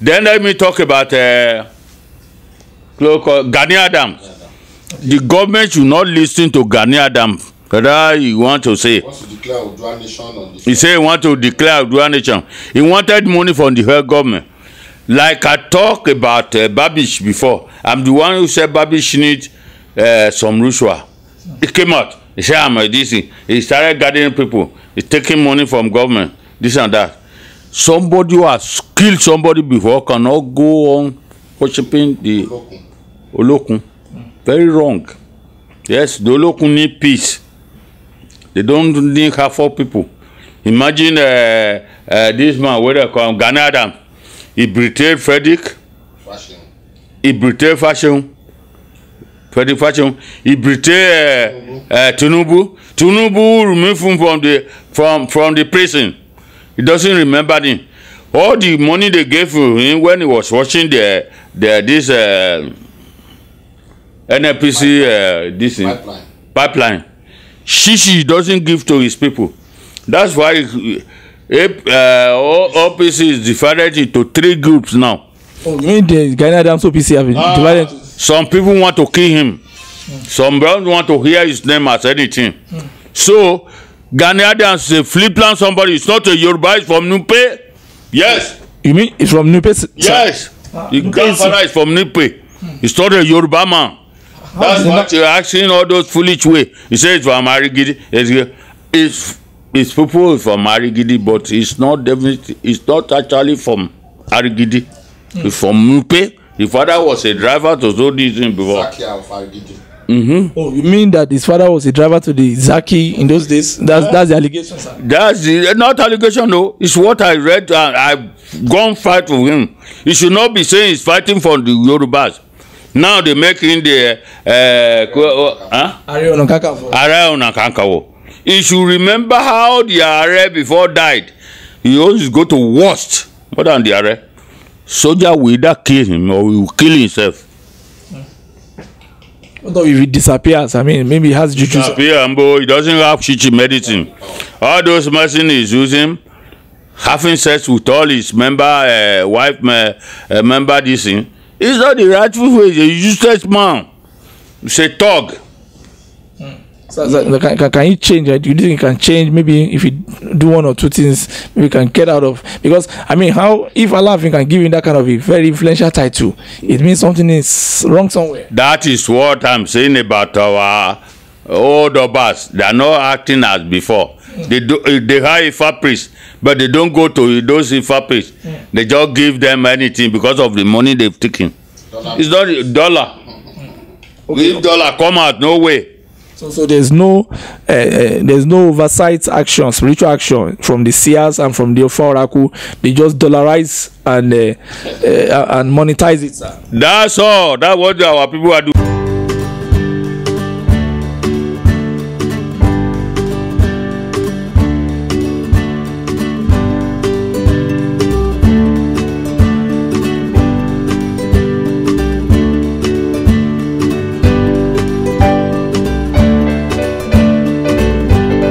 Then let me talk about uh, Gani Adams. The government should not listen to Gani Adams. Rather, you want to say. he said he want to declare Odua nation. He wanted money from the whole government. Like I talk about uh, Babish before, I'm the one who said Babish need uh, some Rushwa. It came out. He said, I'm a DC. He started gathering people. He's taking money from government. This and that somebody who has killed somebody before cannot go on worshiping the olokun very wrong yes the olokun need peace they don't need harmful people imagine uh, uh, this man wey dey call Gani Adam. he betrayed Frederick he betrayed Fashion Frederick Fashion he betrayed uh, uh, Tinubu Tinubu remove him from the from from the prison He doesn't remember them. All the money they gave him when he was watching the the this uh, NNPC uh, this pipeline. pipeline. she doesn't give to his people. That's why uh, uh, OPC is divided into three groups now. Oh, you mean the Ghana Adams OPC have been ah. divided? Some people want to kill him. Mm. Some don't want to hear his name as anything. Mm. So Gani Adams flip a somebody. It's not a Yoruba. It's from Nupe. Yes. You mean it's from Nupe? Sir? Yes. Ah. The grandfather is from Nupe. Hmm. It's not a Yoruba man. That's what that? you're asking all those foolish way. He says it's from Arigidi. It's, it's, it's people from Arigidi, but it's not definitely. It's not actually from Arigidi. Hmm. It's from Nupe. The father was a driver to do this thing before. Sakia of Arigidi. Mm-hmm. Oh, you mean that his father was a driver to the Zaki in those days? That's yeah. that's the allegation, sir. That's the, eh, not allegation, no. It's what I read. And uh, I've gone fight for him. He should not be saying he's fighting for the Yorubas. Now they make him the uh. Ọ̀nà Kakanfò. Ààrẹ Ọ̀nà Kakanfò. He should remember how the Ààrẹ before died. He always go to worst more than the Ààrẹ. Soldier will either kill him or he will kill himself. Although if he disappears, I mean, maybe he has juju. Disappear, Mbo. He doesn't have chichi medicine. All those medicine he's using, having sex with all his member, uh, wife, uh, member, this thing, is not the rightful way. He's a useless man. He's a thug. So, so can, can, can you change? Do you think you can change? Maybe if you do one or two things, we can get out of. Because I mean, how if a Allah can give you that kind of a very influential title, it means something is wrong somewhere. That is what I'm saying about our old obas. They are not acting as before. Mm. They do they hire Ifa priests, but they don't go to those Ifa priests. Mm. They just give them anything because of the money they've taken. Dollar. It's not dollar. Okay. If dollar come out, no way. So, so there's no uh, there's no oversight action, spiritual action from the seers and from the Ofa Oracle. They just dollarize and eh, and monetize it. Sir. That's all. That's what our people are doing.